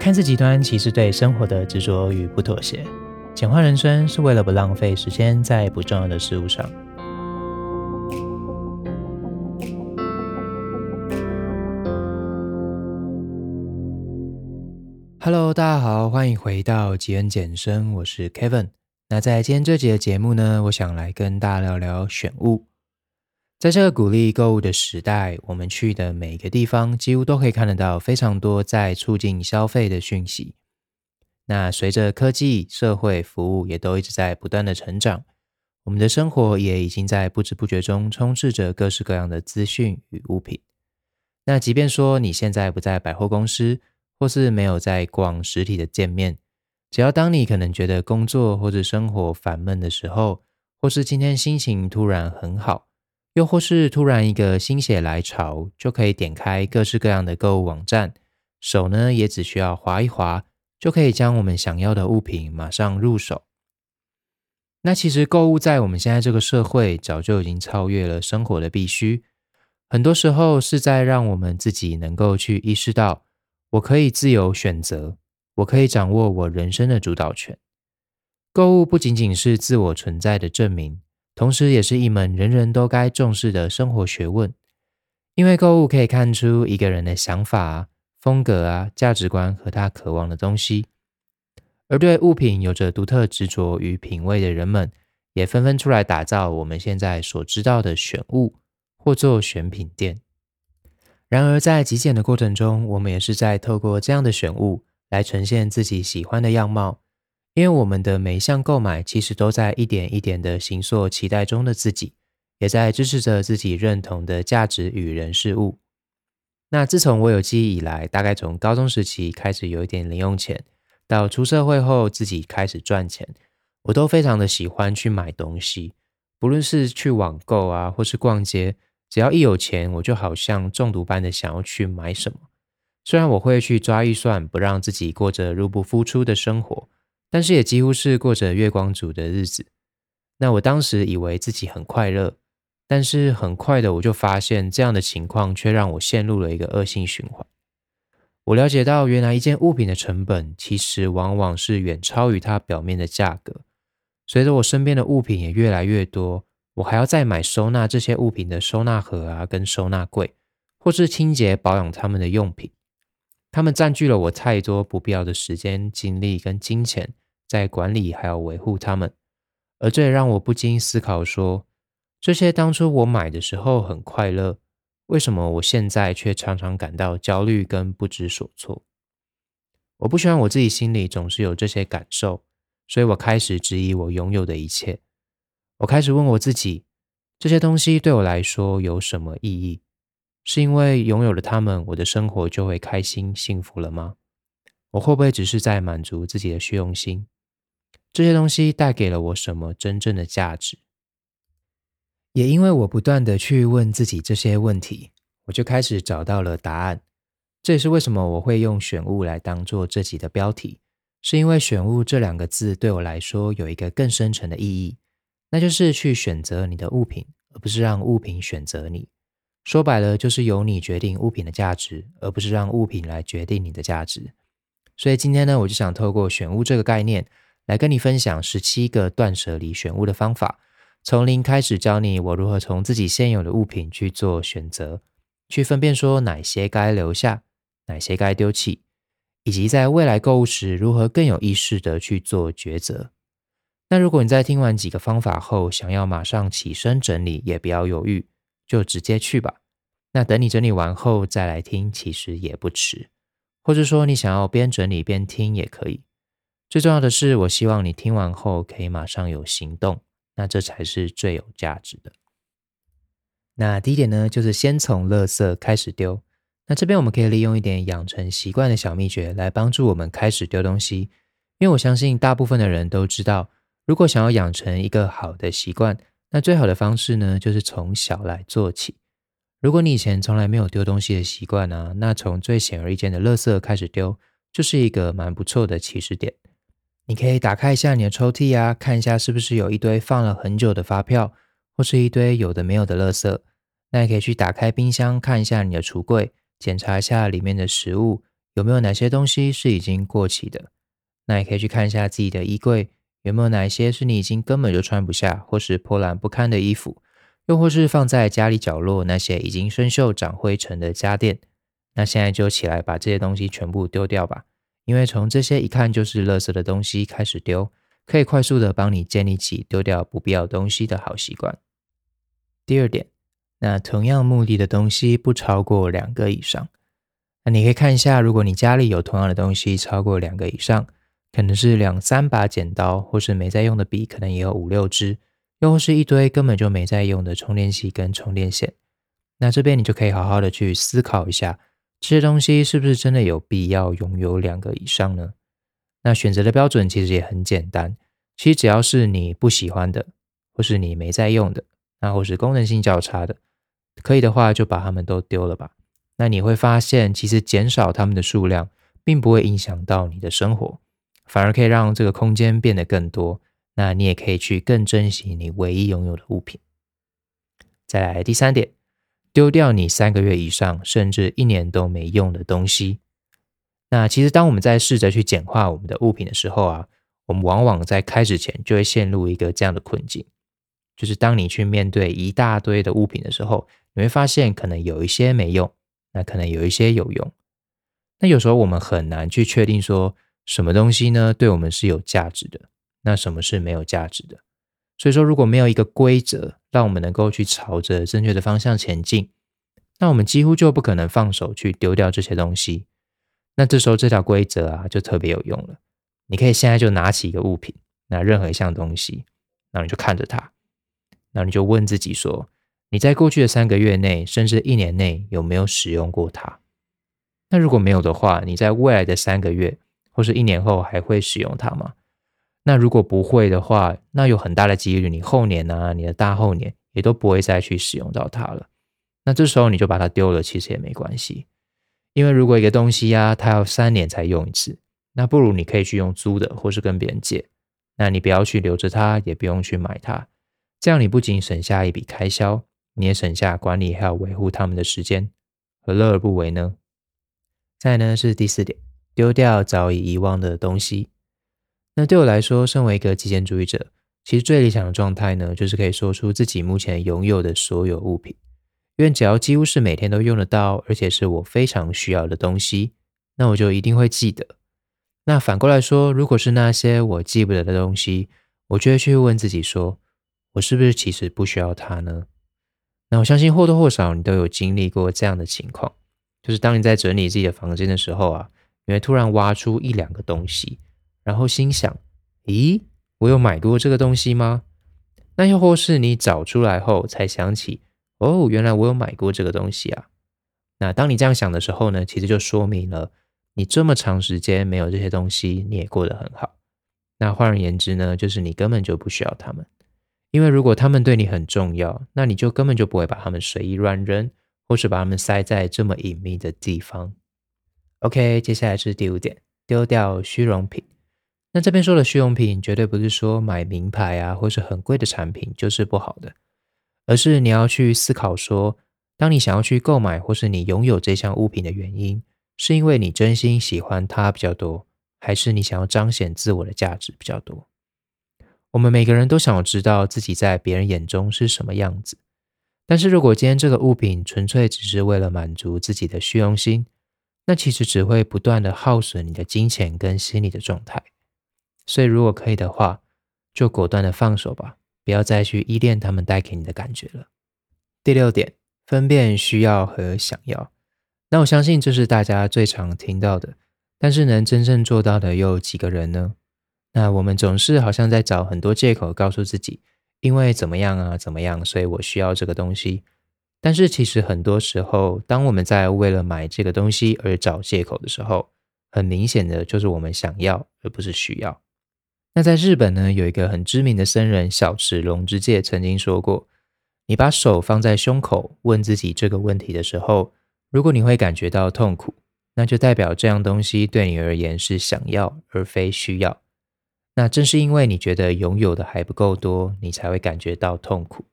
看似極端，其實對生活的執着與不妥協。簡化人生是為了不浪費時間在不重要的事物上。Hello，大家好，歡迎回到極人簡生，我是 Kevin。那在今天這集的節目呢，我想來跟大家聊聊選物。在這個鼓勵購物的時代，我們去的每一個地方幾乎都可以看得到非常多在促進消費的訊息。那隨着科技、社會、服務也都一直在不斷的成長，我們的生活也已經在不知不覺中充斥着各式各樣的資訊與物品。那即便說你現在不在百貨公司，或是沒有在逛實體的店面，只要當你可能覺得工作或者生活煩悶的時候，或是今天心情突然很好。又或是突然一個心血來潮，就可以點開各式各樣的購物網站，手呢也只需要滑一滑，就可以將我們想要的物品馬上入手。那其實購物在我們現在這個社會，早就已經超越了生活的必須，很多時候是在讓我們自己能夠去意識到，我可以自由選擇，我可以掌握我人生的主導權。購物不僅僅是自我存在的證明。同時也是一門人人都該重視的生活學問，因為購物可以看出一個人的想法啊、風格啊、價值觀和他渴望的東西。而對物品有着獨特執着與品味的人們，也紛紛出來打造我們現在所知道的選物或做選品店。然而，在極簡的過程中，我們也是在透過這樣的選物來呈現自己喜歡的樣貌。因為我們的每一項購買，其實都在一點一點的形塑期待中的自己，也在支持着自己認同的價值與人事物。那自從我有記憶以來，大概從高中時期開始有一點零用錢，到出社會後自己開始賺錢，我都非常的喜歡去買東西，不論是去網購啊，或是逛街，只要一有錢，我就好像中毒般的想要去買什麼。雖然我會去抓預算，不讓自己過着入不敷出的生活。但是也幾乎是過着月光族的日子。那我當時以為自己很快樂，但是很快的我就發現，這樣的情況卻讓我陷入了一個惡性循環。我了解到，原來一件物品的成本其實往往是遠超於它表面的價格。隨着我身邊的物品也越來越多，我還要再買收納這些物品的收納盒啊，跟收納櫃，或是清潔保養它們的用品。它們占據了我太多不必要的時間、精力跟金錢。在管理還要維護他們，而這也讓我不禁思考說，說這些當初我買的時候很快樂，為什麼我現在卻常常感到焦慮跟不知所措？我不希望我自己心裡總是有這些感受，所以我開始質疑我擁有的一切。我開始問我自己，這些東西對我來說有什麼意義？是因為擁有了它們，我的生活就會開心幸福了嗎？我會不會只是在滿足自己的虛榮心？這些東西帶給了我什麼真正的價值？也因為我不斷地去問自己這些問題，我就開始找到了答案。這也是為什麼我會用“選物”來當做這集的標題，是因為“選物”這兩個字對我來說有一個更深層的意義，那就是去選擇你的物品，而不是讓物品選擇你。說白了，就是由你決定物品的價值，而不是讓物品來決定你的價值。所以今天呢，我就想透過“選物”這個概念，來跟你分享十七個斷捨離選物的方法，從零開始教你我如何從自己現有的物品，去做選擇，去分辨說哪些該留下，哪些該丟棄，以及在未來購物時如何更有意識地去做抉擇。那如果你在聽完幾個方法後，想要馬上起身整理，也不要猶豫，就直接去吧。那等你整理完後再來聽，其實也不遲。或者說你想要邊整理邊聽也可以。最重要的是，我希望你聽完後可以馬上有行動，那這才是最有價值的。那第一點呢，就是先從垃圾開始丟。那這邊我們可以利用一點養成習慣的小祕訣來幫助我們開始丟東西，因為我相信大部分的人都知道，如果想要養成一個好的習慣，那最好的方式呢，就是從小來做起。如果你以前從來沒有丟東西的習慣啊，那從最顯而易見的垃圾開始丟，就是一個蠻不錯的起始點。你可以打開一下你的抽屜啊，看一下是不是有一堆放了很久的發票，或是一堆有的沒有的垃圾。那也可以去打開冰箱看一下你的櫥櫃，檢查一下裡面的食物，有沒有哪些東西是已經過期的。那也可以去看一下自己的衣櫃，有沒有哪一些是你已經根本就穿不下，或是破爛不堪的衣服，又或是放在家裡角落那些已經生鏽長灰塵的家電。那現在就起來把這些東西全部丟掉吧。因為從這些一看就是垃圾的東西開始丟，可以快速的幫你建立起丟掉不必要的東西的好習慣。第二點，那同樣目的的東西不超過兩個以上。那你可以看一下，如果你家裡有同樣的東西超過兩個以上，可能是兩三把剪刀，或是沒在用的筆，可能也有五六支，又或是一堆根本就沒在用的充電器跟充電線。那這邊你就可以好好的去思考一下。這些東西是不是真的有必要擁有兩個以上呢？那選擇的標準其實也很簡單，其實只要是你不喜歡的，或是你沒在用的，那或是功能性較差的，可以的話就把它們都丟了吧。那你會發現，其實減少它們的數量，並不會影響到你的生活，反而可以讓這個空間變得更多。那你也可以去更珍惜你唯一擁有的物品。再來第三點。丟掉你三個月以上，甚至一年都沒用的東西。那其實，當我們在試着去簡化我們的物品的時候啊，我們往往在開始前就會陷入一個這樣的困境，就是當你去面對一大堆的物品的時候，你會發現可能有一些沒用，那可能有一些有用。那有時候我們很難去確定說，什麼東西呢對我們是有價值的，那什麼是沒有價值的？所以說，如果沒有一個規則。讓我們能夠去朝着正確的方向前進，那我們幾乎就不可能放手去丟掉這些東西。那這時候這條規則啊就特別有用了。你可以現在就拿起一個物品，拿任何一項東西，那你就看着它，那你就問自己說：你在過去的三個月內，甚至一年內有沒有使用過它？那如果沒有的話，你在未來的三個月或是一年後還會使用它嗎？那如果不會的話，那有很大的幾率你後年啊，你的大後年也都不會再去使用到它了。那這時候你就把它丟了，其實也沒關係。因為如果一個東西呀、啊，它要三年才用一次，那不如你可以去用租的，或是跟別人借。那你不要去留着它，也不用去買它，這樣你不僅省下一筆開銷，你也省下管理還要維護他們的時間，何樂而不為呢？再呢是第四點，丟掉早已遺忘的東西。那對我來說，身為一個極簡主義者，其實最理想的狀態呢，就是可以說出自己目前擁有的所有物品。因為只要幾乎是每天都用得到，而且是我非常需要的東西，那我就一定會記得。那反過來說，如果是那些我記不得的東西，我就會去問自己說，我是不是其實不需要它呢？那我相信或多或少你都有經歷過這樣的情況，就是當你在整理自己的房間的時候啊，你會突然挖出一兩個東西。然後心想：“咦，我有買過這個東西嗎？”那又或是你找出來後才想起：“哦，原來我有買過這個東西啊。”那當你這樣想的時候呢，其實就說明了你這麼長時間沒有這些東西，你也過得很好。那換而言之呢，就是你根本就不需要他們。因為如果他們對你很重要，那你就根本就不會把他們隨意亂扔，或是把他們塞在這麼隱秘的地方。OK，接下來是第五點：丟掉虛榮品。那這邊說的虛榮品，絕對不是說買名牌啊，或是很貴的產品就是不好的，而是你要去思考說，當你想要去購買或是你擁有這項物品的原因，是因為你真心喜歡它比較多，還是你想要彰顯自我的價值比較多？我們每個人都想要知道自己在別人眼中是什麼樣子，但是如果今天這個物品純粹只是為了滿足自己的虛榮心，那其實只會不斷的耗損你的金錢跟心理的狀態。所以，如果可以的話，就果斷的放手吧，不要再去依戀他們帶給你的感覺了。第六點，分辨需要和想要。那我相信這是大家最常聽到的，但是能真正做到的又有幾個人呢？那我們總是好像在找很多借口，告訴自己，因為怎麼樣啊，怎麼樣，所以我需要這個東西。但是其實很多時候，當我們在為了買這個東西而找借口的時候，很明顯的就是我們想要，而不是需要。那在日本呢，有一個很知名的僧人小池龍之介曾經說過：“你把手放在胸口，問自己這個問題的時候，如果你會感覺到痛苦，那就代表這樣東西對你而言是想要而非需要。那正是因為你覺得擁有的還不夠多，你才會感覺到痛苦。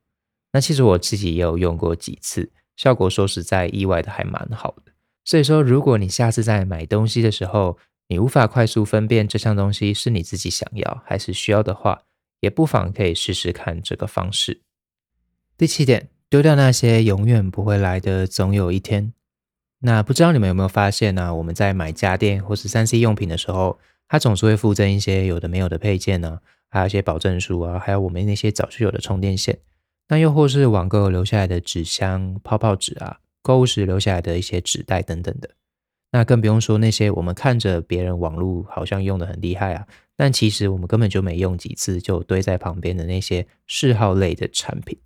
那其實我自己也有用過幾次，效果說實在意外的還蠻好的。所以說，如果你下次在買東西的時候，你無法快速分辨這項東西是你自己想要還是需要的話，也不妨可以試試看這個方式。第七點，丟掉那些永遠不會來的，總有一天。那不知道你們有沒有發現呢？我們在買家電或是三 C 用品的時候，它總是會附贈一些有的沒有的配件呢，還有一些保證書啊，還有我們那些早就有的充電線。那又或是網購留下來的紙箱、泡泡紙啊，購物時留下來的一些紙袋等等的。那更不用說那些我們看着別人網路好像用得很厲害啊，但其實我們根本就沒用幾次就堆在旁邊的那些嗜好類的產品。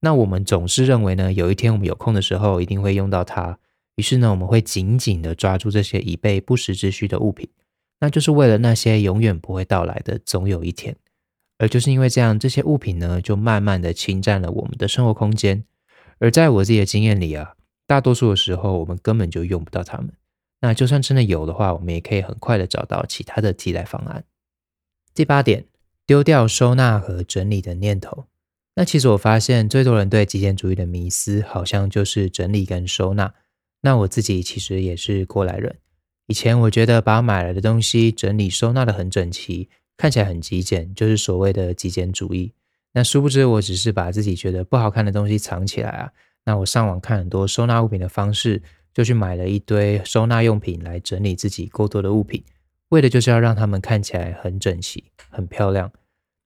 那我們總是認為呢，有一天我們有空的時候一定會用到它，於是呢，我們會緊緊的抓住這些以備不時之需的物品，那就是為了那些永遠不會到來的總有一天。而就是因為這樣，這些物品呢就慢慢的侵占了我們的生活空間。而在我自己的經驗裡啊。大多數的時候，我們根本就用不到它們。那就算真的有的話，我們也可以很快的找到其他的替代方案。第八點，丟掉收納和整理的念頭。那其實我發現，最多人對極簡主義的迷思，好像就是整理跟收納。那我自己其實也是過來人。以前我覺得把買來的東西整理收納得很整齊，看起來很極簡，就是所謂的極簡主義。那殊不知，我只是把自己覺得不好看的東西藏起來啊。那我上網看很多收納物品的方式，就去買了一堆收納用品來整理自己過多的物品，為的就是要讓它們看起來很整齊、很漂亮。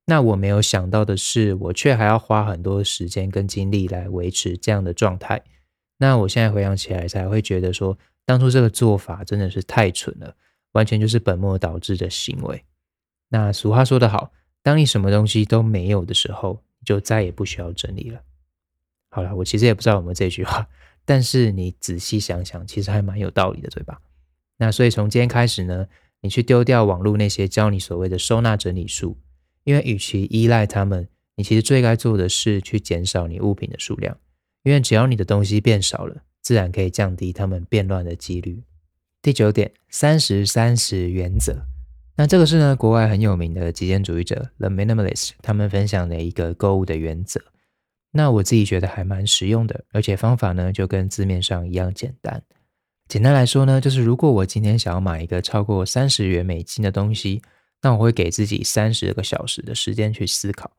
那我沒有想到的是，我卻還要花很多時間跟精力來維持這樣的狀態。那我現在回想起來，才會覺得說，當初這個做法真的是太蠢了，完全就是本末倒置的行為。那俗話說得好，當你什麼東西都沒有的時候，就再也不需要整理了。好啦，我其實也不知道有沒有這句話，但是你仔細想想，其實還蠻有道理的，對吧？那所以從今天開始呢，你去丟掉網絡那些教你所謂的收納整理術，因為與其依賴他們，你其實最該做的是去減少你物品的數量，因為只要你的東西變少了，自然可以降低他們變亂的幾率。第九點，三十三十原則，那這個是呢，國外很有名的極簡主義者 The Minimalist 他們分享的一個購物的原則。那我自己覺得還蠻實用的，而且方法呢就跟字面上一樣簡單。簡單來說呢，就是如果我今天想要買一個超過三十元美金的東西，那我會給自己三十個小時的時間去思考。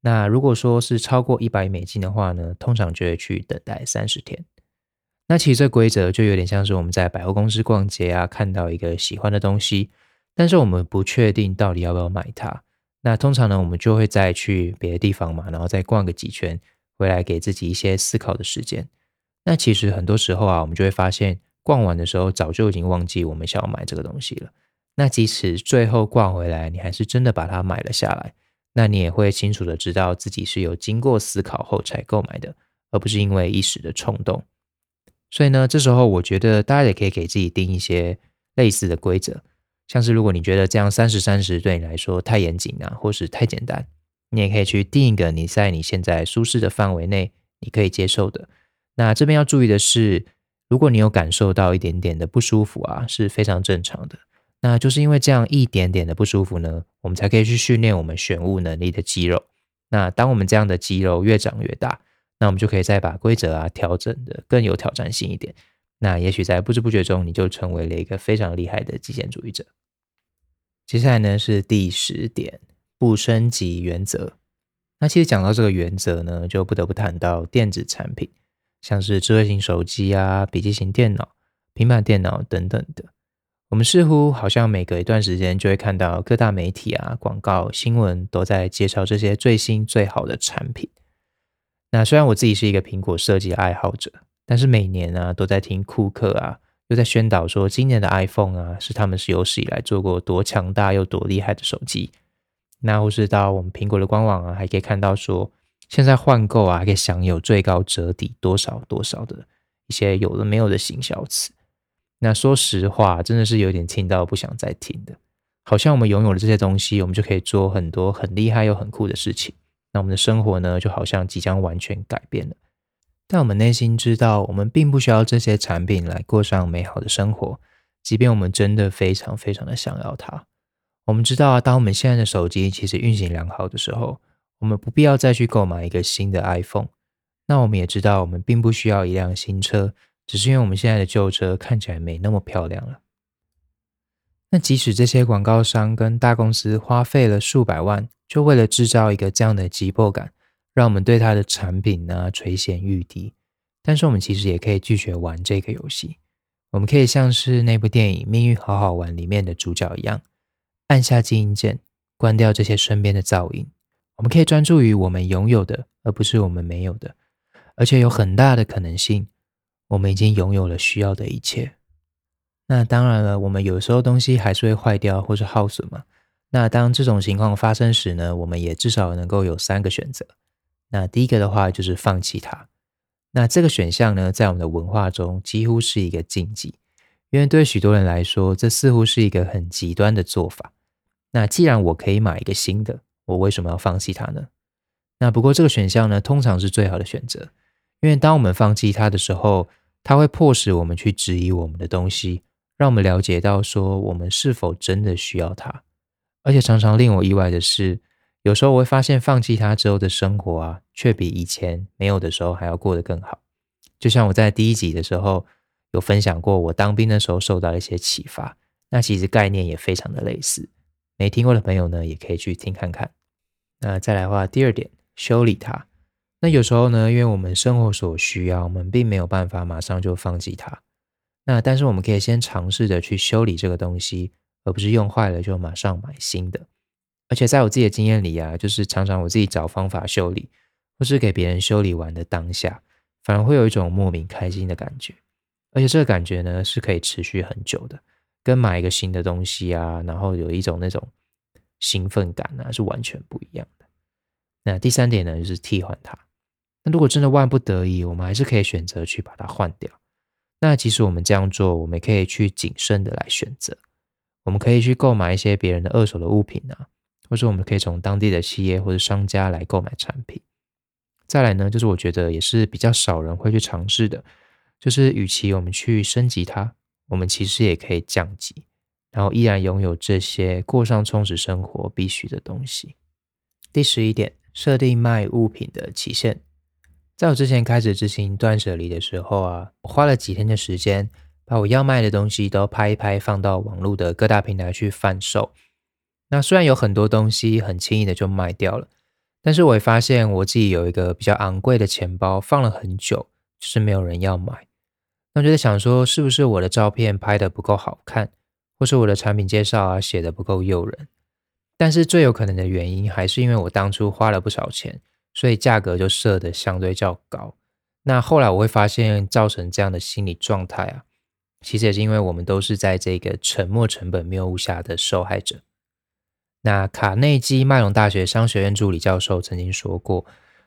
那如果說是超過一百美金的話呢，通常就會去等待三十天。那其實這規則就有點像是我們在百貨公司逛街啊，看到一個喜歡的東西，但是我們不確定到底要不要買它。那通常呢，我們就會再去別的地方嘛，然後再逛個幾圈，回來給自己一些思考的時間。那其實很多時候啊，我們就會發現，逛完的時候早就已經忘記我們想要買這個東西了。那即使最後逛回來，你還是真的把它買了下來，那你也會清楚的知道自己是有經過思考後才購買的，而不是因為一時的衝動。所以呢，這時候我覺得大家也可以給自己定一些類似的規則。像是如果你覺得這樣30/30對你來說太嚴謹啊，或是太簡單，你也可以去定一個你在你現在舒適的範圍內，你可以接受的。那這邊要注意的是，如果你有感受到一點點的不舒服啊，是非常正常的。那就是因為這樣一點點的不舒服呢，我們才可以去訓練我們選物能力的肌肉。那當我們這樣的肌肉越長越大，那我們就可以再把規則啊調整的更有挑戰性一點。那也許在不知不覺中，你就成為了一個非常厲害的極簡主義者。接下來呢，是第十點，不升級原則。那其實講到這個原則呢，就不得不談到電子產品，像是智慧型手機啊、筆記型電腦、平板電腦等等的。我們似乎好像每隔一段時間就會看到各大媒體啊、廣告、新聞都在介紹這些最新最好的產品。那雖然我自己是一個蘋果設計愛好者。但是每年啊，都在聽庫克啊，又在宣導說今年的 iPhone 啊，是他們是有史以來做過多強大又多厲害的手機。那或是到我們蘋果的官網啊，還可以看到說現在換購啊，還可以享有最高折抵多少多少的一些有的沒有的行銷詞。那說實話，真的是有點聽到不想再聽的。好像我們擁有了這些東西，我們就可以做很多很厲害又很酷的事情。那我們的生活呢，就好像即將完全改變了。那我們內心知道，我們並不需要這些產品來過上美好的生活，即便我們真的非常非常的想要它。我們知道啊，當我們現在的手機其實運行良好的時候，我們不必要再去購買一個新的 iPhone。那我們也知道，我們並不需要一輛新車，只是因為我們現在的舊車看起來沒那麼漂亮了。那即使這些廣告商跟大公司花費了數百萬，就為了製造一個這樣的急迫感。讓我們對它的產品呢、啊、垂涎欲滴，但是我們其實也可以拒絕玩這個遊戲。我們可以像是那部電影《命運好好玩》裡面的主角一樣，按下靜音鍵，關掉這些身邊的噪音。我們可以專注於我們擁有的，而不是我們沒有的。而且有很大的可能性，我們已經擁有了需要的一切。那當然了，我們有時候東西還是會壞掉或是耗損嘛。那當這種情況發生時呢，我們也至少能夠有三個選擇。那第一個的話就是放棄它。那這個選項呢，在我們的文化中幾乎是一個禁忌，因為對許多人來說，這似乎是一個很極端的做法。那既然我可以買一個新的，我為什麼要放棄它呢？那不過這個選項呢，通常是最好的選擇，因為當我們放棄它的時候，它會迫使我們去質疑我們的東西，讓我們了解到說我們是否真的需要它。而且常常令我意外的是，有時候我會發現，放棄它之後的生活啊，卻比以前沒有的時候還要過得更好。就像我在第一集的時候有分享過，我當兵的時候受到一些啟發。那其實概念也非常的類似，沒聽過的朋友呢，也可以去聽看看。那再來的話，第二點，修理它。那有時候呢，因為我們生活所需要，我們並沒有辦法馬上就放棄它。那但是我們可以先嘗試着去修理這個東西，而不是用壞了就馬上買新的。而且在我自己的經驗裡啊，就是常常我自己找方法修理，或是給別人修理完的當下，反而會有一種莫名開心的感覺。而且這個感覺呢，是可以持續很久的，跟買一個新的東西啊，然後有一種那種興奮感啊，是完全不一樣的。那第三點呢，就是替換它。那如果真的萬不得已，我們還是可以選擇去把它換掉。那其實我們這樣做，我們也可以去謹慎的來選擇，我們可以去購買一些別人的二手的物品啊。就是我們可以從當地的企業或者商家來購買產品。再來呢，就是我覺得也是比較少人會去嘗試的，就是與其我們去升級它，我們其實也可以降級，然後依然擁有這些過上充實生活必需的東西。第十一點，設定賣物品的期限。在我之前開始執行斷捨離的時候啊，我花了幾天的時間，把我要賣的東西都拍一拍，放到網絡的各大平台去販售。那雖然有很多東西很輕易的就賣掉了，但是我也發現我自己有一個比較昂貴的錢包放了很久，就是沒有人要買。那我就在想說是不是我的照片拍得不夠好看，或是我的產品介紹啊寫得不夠誘人？但是最有可能的原因還是因為我當初花了不少錢，所以價格就設得相對較高。那後來我會發現，造成這樣的心理狀態啊，其實也是因為我們都是在這個沉沒成本謬誤下的受害者。那卡內基麥隆大學商學院助理教授曾經說過，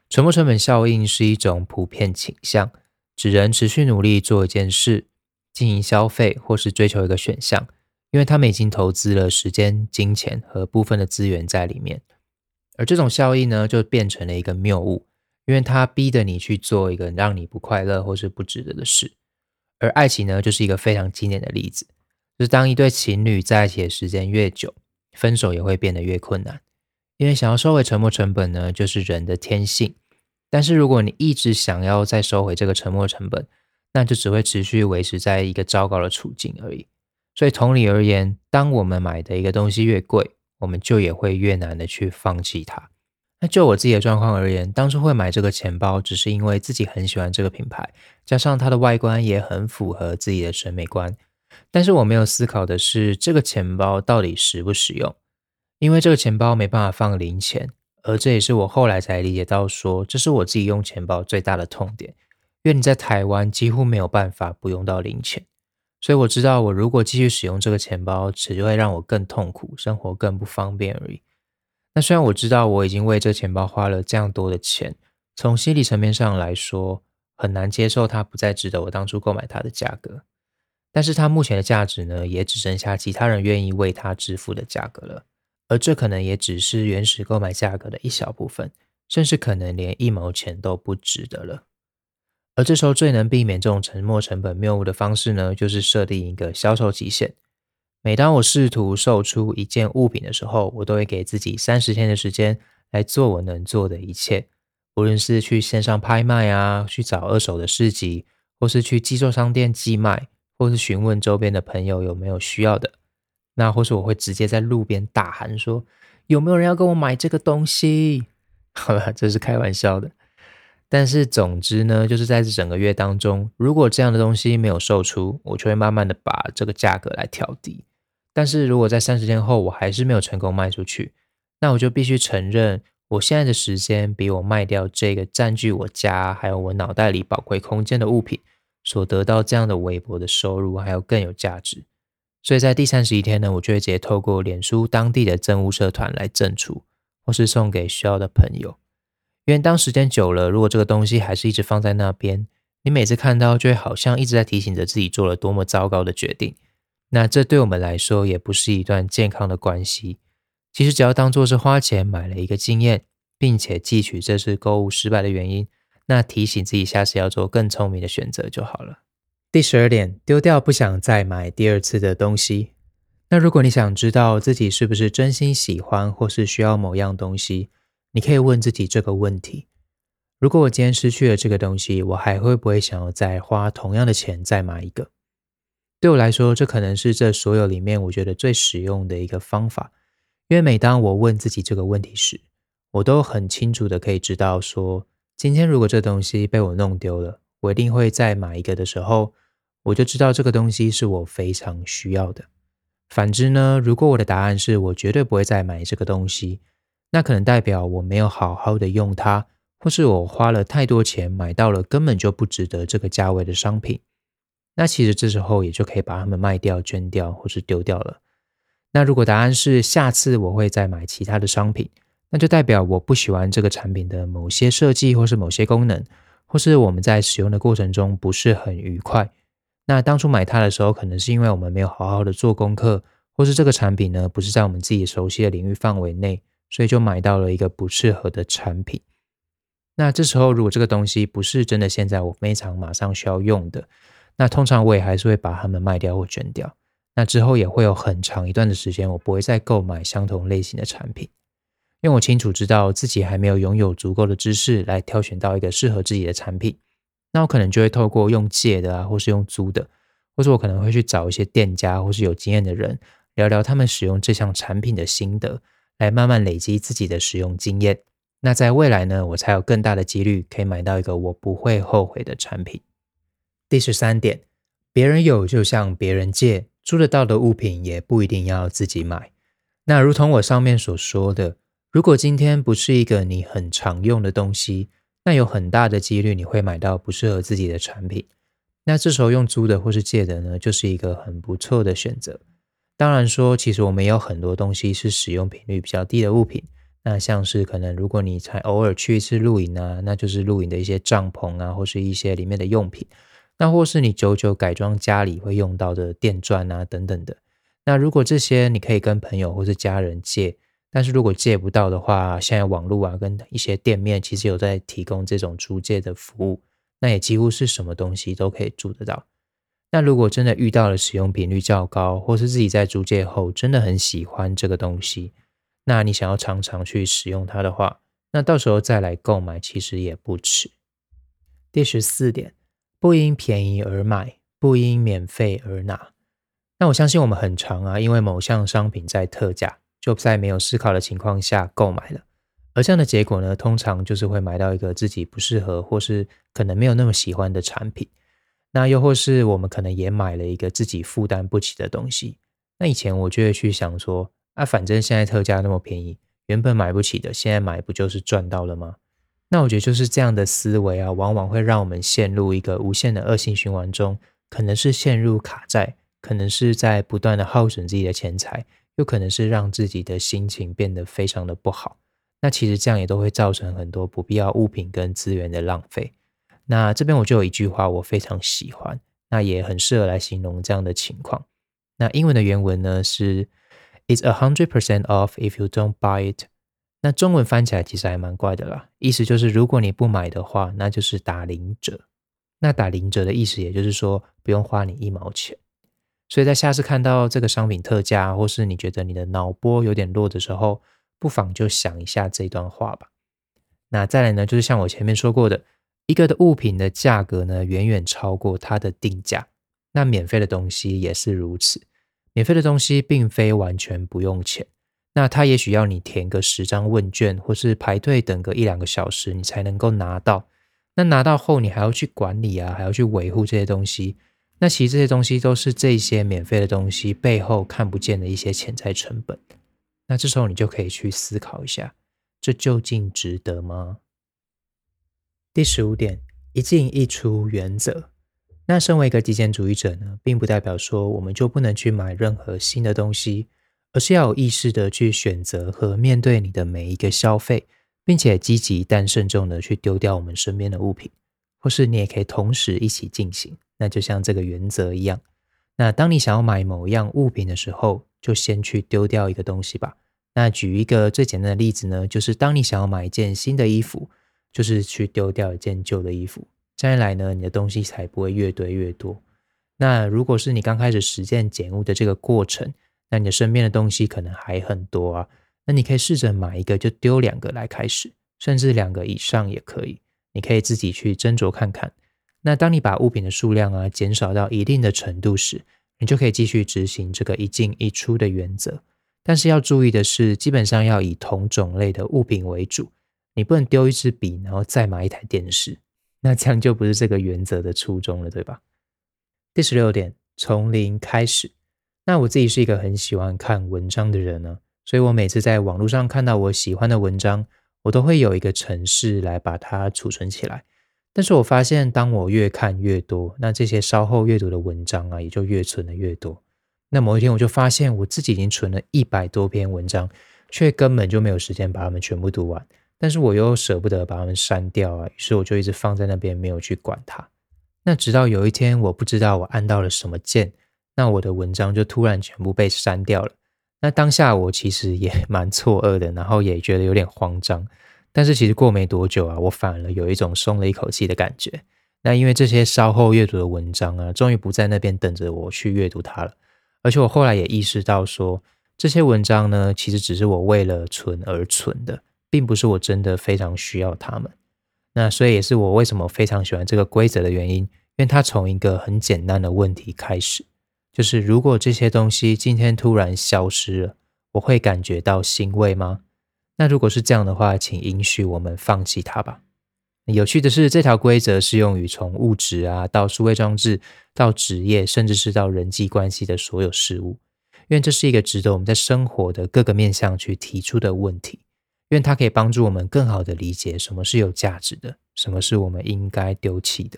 沉沒成本效應是一種普遍傾向，指人持續努力做一件事，進行消費或是追求一個選項，因為他們已經投資了時間、金錢和部分的資源在裡面。而這種效應呢，就變成了一個謬誤，因為它逼得你去做一個讓你不快樂或是不值得的事。而愛情呢，就是一個非常經典的例子，就是當一對情侶在一起的時間越久，分手也會變得越困難，因為想要收回沉沒成本呢，就是人的天性。但是如果你一直想要再收回這個沉沒成本，那就只會持續維持在一個糟糕的處境而已。所以同理而言，當我們買的一個東西越貴，我們就也會越難的去放棄它。那就我自己的狀況而言，當初會買這個錢包，只是因為自己很喜歡這個品牌，加上它的外觀也很符合自己的審美觀。但是我沒有思考的是，這個錢包到底實不實用？因為這個錢包沒辦法放零錢，而這也是我後來才理解到說，說這是我自己用錢包最大的痛點。因為你在台灣幾乎沒有辦法不用到零錢，所以我知道我如果繼續使用這個錢包，只會讓我更痛苦，生活更不方便而已。那雖然我知道我已經為這個錢包花了這樣多的錢，從心理層面上來說，很難接受它不再值得我當初購買它的價格。但是它目前的價值呢，也只剩下其他人願意為它支付的價格了，而這可能也只是原始購買價格的一小部分，甚至可能連一毛錢都不值得了。而這時候最能避免這種沉沒成本謬誤的方式呢，就是設定一個銷售期限。每當我試圖售出一件物品的時候，我都會給自己三十天的時間來做我能做的一切，無論是去線上拍賣啊，去找二手的市集，或是去寄售商店寄賣。或是詢問周邊的朋友有沒有需要的，那或是我會直接在路邊大喊說：“有沒有人要跟我買這個東西？”好吧，這是開玩笑的。但是總之呢，就是在這整個月當中，如果這樣的東西沒有售出，我就會慢慢的把這個價格來調低。但是如果在三十天後我還是沒有成功賣出去，那我就必須承認，我現在的時間比我賣掉這個占據我家還有我腦袋裡寶貴空間的物品所得到這樣的微薄的收入，還有更有價值。所以在第三十一天呢，我就會直接透過臉書當地的贈物社團來贈出，或是送給需要的朋友。因為當時間久了，如果這個東西還是一直放在那邊，你每次看到就會好像一直在提醒着自己做了多麼糟糕的決定。那這對我們來說也不是一段健康的關係。其實只要當做是花錢買了一個經驗，並且汲取這次購物失敗的原因。那提醒自己下次要做更聰明的選擇就好了。第十二點，丟掉不想再買第二次的東西。那如果你想知道自己是不是真心喜歡或是需要某樣東西，你可以問自己這個問題：如果我今天失去了這個東西，我還會不會想要再花同樣的錢再買一個？對我來說，這可能是這所有裡面我覺得最實用的一個方法，因為每當我問自己這個問題時，我都很清楚的可以知道說。今天如果這東西被我弄丟了，我一定會再買一個的時候，我就知道這個東西是我非常需要的。反之呢，如果我的答案是我絕對不會再買這個東西，那可能代表我沒有好好的用它，或是我花了太多錢買到了根本就不值得這個價位的商品。那其實這時候也就可以把它們賣掉、捐掉，或是丟掉了。那如果答案是下次我會再買其他的商品。那就代表我不喜歡這個產品的某些設計，或是某些功能，或是我們在使用的過程中不是很愉快。那當初買它的時候，可能是因為我們沒有好好的做功課，或是這個產品呢不是在我們自己熟悉的領域範圍內，所以就買到了一個不適合的產品。那這時候如果這個東西不是真的，現在我非常馬上需要用的，那通常我也還是會把它們賣掉或捐掉。那之後也會有很長一段的時間，我不會再購買相同類型的產品。因為我清楚知道自己還沒有擁有足夠的知識來挑選到一個適合自己的產品，那我可能就會透過用借的啊，或是用租的，或是我可能會去找一些店家或是有經驗的人聊聊他們使用這項產品的心得，來慢慢累積自己的使用經驗。那在未來呢，我才有更大的幾率可以買到一個我不會後悔的產品。第十三點，別人有就向別人借，租得到的物品也不一定要自己買。那如同我上面所說的。如果今天不是一個你很常用的東西，那有很大的幾率你會買到不適合自己的產品。那這時候用租的或是借的呢，就是一個很不錯的選擇。當然說，其實我們有很多東西是使用頻率比較低的物品。那像是可能如果你才偶爾去一次露營啊，那就是露營的一些帳篷啊，或是一些裡面的用品。那或是你久久改裝家裡會用到的電鑽啊等等的。那如果這些你可以跟朋友或是家人借。但是如果借不到的話，現在網絡啊，跟一些店面其實有在提供這種租借的服務，那也幾乎是什麼東西都可以租得到。那如果真的遇到了使用頻率較高，或是自己在租借後真的很喜歡這個東西，那你想要常常去使用它的話，那到時候再來購買其實也不遲。第十四點，不因便宜而買，不因免費而拿。那我相信我們很常啊，因為某項商品在特價。就在沒有思考的情況下購買了，而這樣的結果呢，通常就是會買到一個自己不適合或是可能沒有那麼喜歡的產品。那又或是我們可能也買了一個自己負擔不起的東西。那以前我就會去想說，啊，反正現在特價那麼便宜，原本買不起的，現在買不就是賺到了嗎？那我覺得就是這樣的思維啊，往往會讓我們陷入一個無限的惡性循環中，可能是陷入卡債，可能是在不斷的耗損自己的錢財。就可能是讓自己的心情變得非常的不好，那其實這樣也都會造成很多不必要物品跟資源的浪費。那這邊我就有一句話，我非常喜歡，那也很適合來形容這樣的情況。那英文的原文呢是 “It's a hundred percent off if you don't buy it”。那中文翻起來其實還蠻怪的啦，意思就是如果你不買的話，那就是打零折。那打零折的意思，也就是說不用花你一毛錢。所以在下次看到這個商品特價，或是你覺得你的腦波有點弱的時候，不妨就想一下這段話吧。那再來呢，就是像我前面說過的，一個的物品的價格呢，遠遠超過它的定價。那免費的東西也是如此，免費的東西並非完全不用錢。那它也許要你填個十張問卷，或是排隊等個一兩個小時，你才能夠拿到。那拿到後，你還要去管理啊，還要去維護這些東西。那其實這些東西都是這些免費的東西背後看不見的一些潛在成本。那這時候你就可以去思考一下，這究竟值得嗎？第十五點，一進一出原則。那身為一個極簡主義者呢，並不代表說我們就不能去買任何新的東西，而是要有意識的去選擇和面對你的每一個消費，並且積極但慎重的去丟掉我們身邊的物品，或是你也可以同時一起進行。那就像這個原則一樣，那當你想要買某一樣物品的時候，就先去丟掉一個東西吧。那舉一個最簡單的例子呢，就是當你想要買一件新的衣服，就是去丟掉一件舊的衣服。這樣一來呢，你的東西才不會越堆越多。那如果是你剛開始實踐減物的這個過程，那你的身邊的東西可能還很多啊。那你可以試着買一個，就丟兩個來開始，甚至兩個以上也可以。你可以自己去斟酌看看。那當你把物品的數量啊減少到一定的程度時，你就可以繼續執行這個一進一出的原則。但是要注意的是，基本上要以同種類的物品為主，你不能丟一支筆，然後再買一台電視。那這樣就不是這個原則的初衷了，對吧？第十六點，從零開始。那我自己是一個很喜歡看文章的人呢，啊，所以我每次在網絡上看到我喜歡的文章，我都會有一個程式來把它儲存起來。但是我發現，當我越看越多，那這些稍後閱讀的文章啊，也就越存的越多。那某一天，我就發現我自己已經存了一百多篇文章，卻根本就沒有時間把它們全部讀完。但是我又捨不得把它們刪掉啊，於是我就一直放在那邊沒有去管它。那直到有一天，我不知道我按到了什麼鍵，那我的文章就突然全部被刪掉了。那當下我其實也蠻錯愕的，然後也覺得有點慌張。但是其實過沒多久啊，我反而有一種鬆了一口氣的感覺。那因為這些稍後閱讀的文章啊，終於不在那邊等着我去閱讀它了。而且我後來也意識到說，這些文章呢，其實只是我為了存而存的，並不是我真的非常需要它們。那所以也是我為什麼非常喜歡這個規則的原因，因為它從一個很簡單的問題開始，就是如果這些東西今天突然消失了，我會感覺到欣慰嗎？那如果是這樣的話，請允許我們放棄它吧。有趣的是，這條規則適用於從物質啊到數位裝置到職業，甚至是到人際關係的所有事物，因為這是一個值得我們在生活的各個面向去提出的問題，因為它可以幫助我們更好的理解什麼是有價值的，什麼是我們應該丟棄的。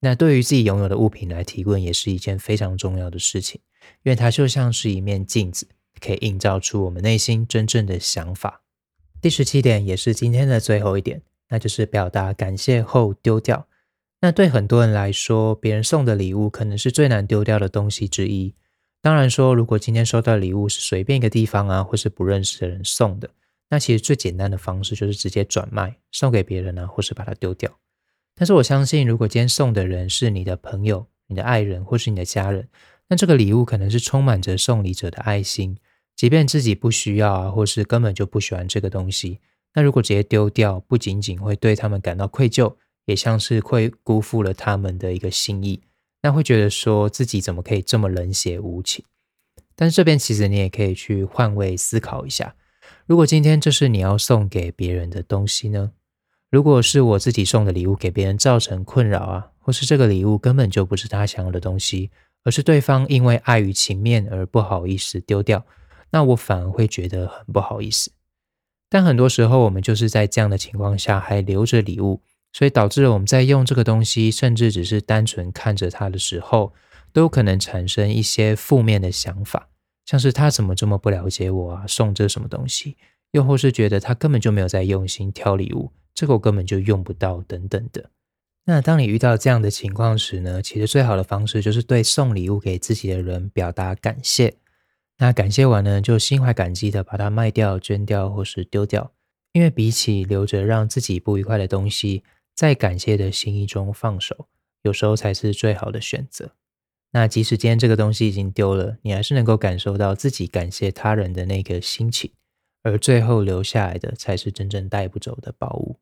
那對於自己擁有的物品來提問，也是一件非常重要的事情，因為它就像是一面鏡子，可以映照出我們內心真正的想法。第十七點也是今天的最後一點，那就是表達感謝後丟掉。那對很多人來說，別人送的禮物可能是最難丟掉的東西之一。當然說，如果今天收到禮物是隨便一個地方啊，或是不認識的人送的，那其實最簡單的方式就是直接轉賣，送給別人呢、啊，或是把它丟掉。但是我相信，如果今天送的人是你的朋友、你的愛人，或是你的家人，那這個禮物可能是充滿着送禮者的愛心。即便自己不需要啊，或是根本就不喜歡這個東西，那如果直接丟掉，不僅僅會對他們感到愧疚，也像是會辜負了他們的一個心意，那會覺得說自己怎麼可以這麼冷血無情？但這邊其實你也可以去換位思考一下，如果今天這是你要送給別人的東西呢？如果是我自己送的禮物給別人造成困擾啊，或是這個禮物根本就不是他想要的東西，而是對方因為礙於情面而不好意思丟掉。那我反而會覺得很不好意思，但很多時候我們就是在這樣的情況下還留着禮物，所以導致了我們在用這個東西，甚至只是單純看着它的時候，都可能產生一些負面的想法，像是他怎麼這麼不了解我啊，送這什麼東西，又或是覺得他根本就沒有在用心挑禮物，這個我根本就用不到等等的。那當你遇到這樣的情況時呢，其實最好的方式就是對送禮物給自己的人表達感謝。那感謝完呢，就心懷感激的把它賣掉、捐掉，或是丟掉。因為比起留着讓自己不愉快的東西，在感謝的心意中放手，有時候才是最好的選擇。那即使今天這個東西已經丟了，你還是能夠感受到自己感謝他人的那個心情，而最後留下來的，才是真正帶不走的寶物。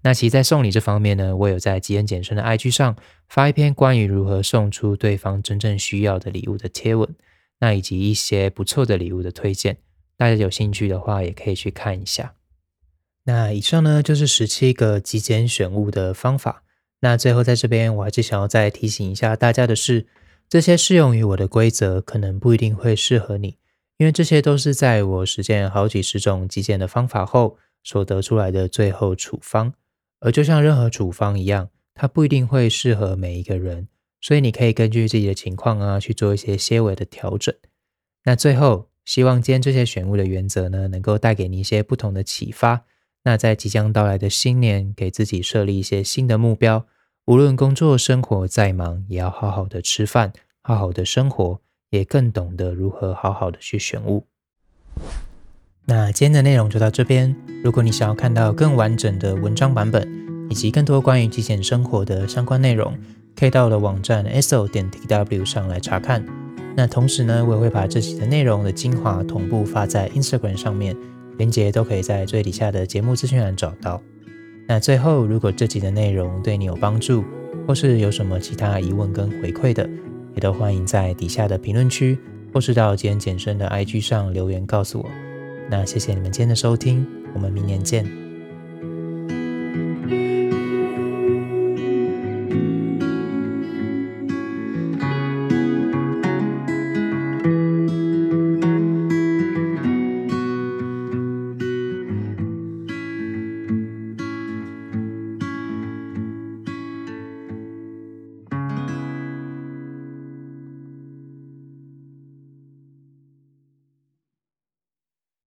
那其實，在送禮這方面呢，我有在吉恩簡訊的 IG 上發一篇關於如何送出對方真正需要的禮物的貼文。那以及一些不錯的禮物的推薦，大家有興趣的話也可以去看一下。那以上呢，就是十七個極簡選物的方法。那最後在這邊，我還是想要再提醒一下大家的是，這些適用於我的規則，可能不一定會適合你，因為這些都是在我實踐好幾十種極簡的方法後所得出來的最後處方。而就像任何處方一樣，它不一定會適合每一個人。所以你可以根據自己的情況啊去做一些些微的調整。那最後，希望今天這些選物的原則呢，能夠帶給你一些不同的啟發。那在即將到來的新年，給自己設立一些新的目標。無論工作生活再忙，也要好好的吃飯，好好的生活，也更懂得如何好好的去選物。那今天的內容就到這邊。如果你想要看到更完整的文章版本，以及更多關於極簡生活的相關內容，可以到我的網站 essl 點 tw 上來查看。那同時呢，我也會把這集的內容的精華同步發在 Instagram 上面，連結都可以在最底下的節目資訊欄找到。那最後，如果這集的內容對你有幫助，或是有什麼其他疑問跟回饋的，也都歡迎在底下的評論區，或是到極人簡生的 IG 上留言告訴我。那謝謝你們今天的收聽，我們明年見。